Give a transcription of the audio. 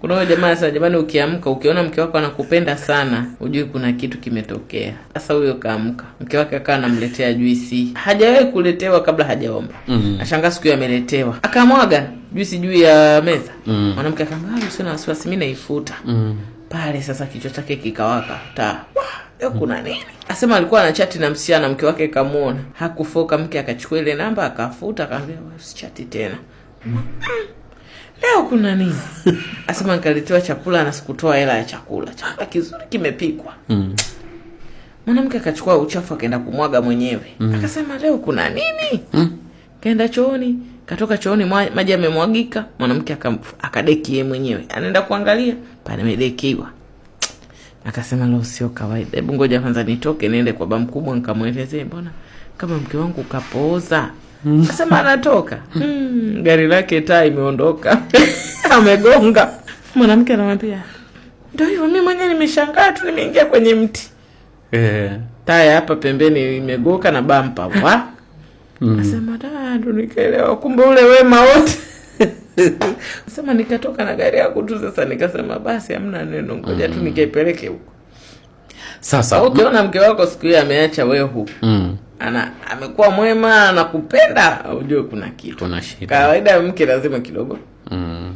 Kuna huyo jamaa sasa, jamani, ukiamka ukiona mke wako anakupenda sana, ujui kuna kitu kimetokea. Sasa huyo kaamka, mke wake akawa anamletea juisi, hajawahi kuletewa kabla hajaomba. mm Ashangaa siku hiyo ameletewa, akamwaga juisi juu ya meza. mm -hmm. Mwanamke akaambia, usio ah, na wasiwasi, mi naifuta. mm Pale sasa kichwa chake kikawaka taa Yo, kuna nini? Asema alikuwa na chati na msichana, mke wake kamuona, hakufoka. Mke akachukua ile namba akafuta, akaambia usichati tena leo kuna nini? Asema nkaletewa chakula na sikutoa hela ya chakula, chakula kizuri kimepikwa. Mm. mwanamke mm. akachukua uchafu akaenda kumwaga mwenyewe. mm. Akasema leo kuna nini? mm. Kaenda chooni, katoka chooni maji amemwagika Mwanamke akadekie mwenyewe, anaenda kuangalia panamedekiwa Akasema lo sio kawaida, hebu ngoja kwanza nitoke niende kwa bamkubwa nkamwelezee mbona kama mke wangu kapooza Kasema anatoka mm, gari lake taa imeondoka amegonga. Mwanamke anamwambia ndio hivyo, mi mwenyewe nimeshangaa tu, nimeingia kwenye mti eh, taya hapa pembeni imegoka na bampa wa mm. Asema ndo nikaelewa, kumbe ule wema wote sema nikatoka na gari yangu tu. Sasa nikasema basi, hamna neno, ngoja mm. tu hmm. nikaipeleke huko. Sasa ukiona mke wako siku hiyo ameacha wewe huko mm ana amekuwa mwema anakupenda, ujue kuna kitu, kuna Kawaida mke lazima kidogo mm.